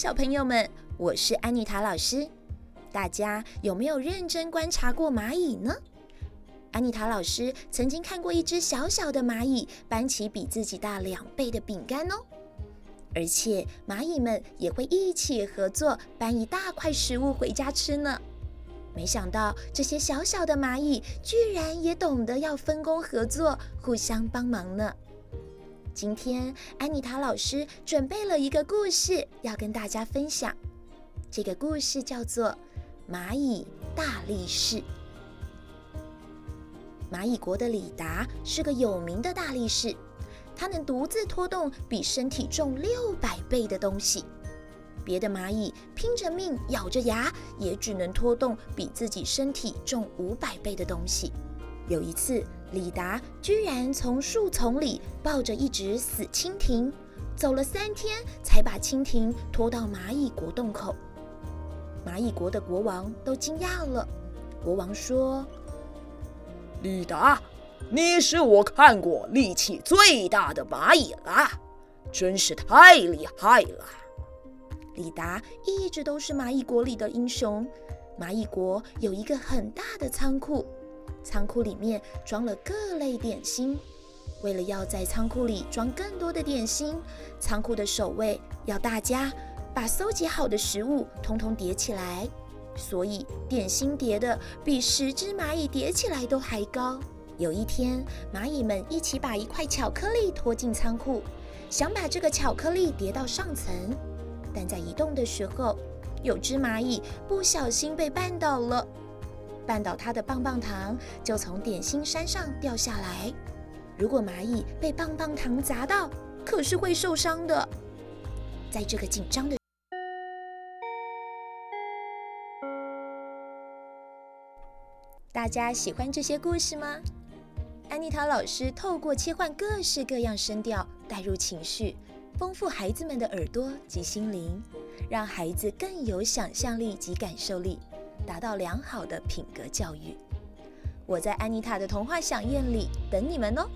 小朋友們，我是安妮塔老師。大家有沒有認真觀察過螞蟻呢？安妮塔老師曾經看過一隻小小的螞蟻搬起比自己大兩倍的餅乾哦。而且螞蟻們也會一起合作搬一大塊食物回家吃呢。沒想到這些小小的螞蟻居然也懂得要分工合作、互相幫忙呢。今天安妮塔老師準備了一個故事要跟大家分享，這個故事叫做《螞蟻大力士》。螞蟻國的李達是個有名的大力士，他能獨自拖動比身體重六百倍的東西。別的螞蟻拼着命咬着牙，也只能拖動比自己身體重五百倍的東西。有一次，李達居然從樹叢裡抱着一只死蜻蜓，走了三天才把蜻蜓拖到螞蟻國洞口。螞蟻國的國王都驚訝了。國王說：“李達，你是我看過力氣最大的螞蟻啦，真是太厲害了。”李達一直都是螞蟻國裡的英雄。螞蟻國有一個很大的倉庫。倉庫裡面裝了各類點心，為了要在倉庫裡裝更多的點心，倉庫的守衛要大家把蒐集好的食物統統疊起來，所以點心疊的比十隻螞蟻疊起來都還高。有一天，螞蟻們一起把一塊巧克力拖進倉庫，想把這個巧克力疊到上層，但在移動的時候，有隻螞蟻不小心被絆倒了。絆倒他的棒棒糖就從點心山上掉下來。如果螞蟻被棒棒糖砸到，可是會受傷的。在這個緊張的，大家喜歡這些故事嗎？安妮塔老師透過切換各式各樣聲調，帶入情緒，豐富孩子們的耳朵及心靈，讓孩子更有想象力及感受力。達到良好的品格教育，我在安妮塔的童話饗宴裡等你們哦。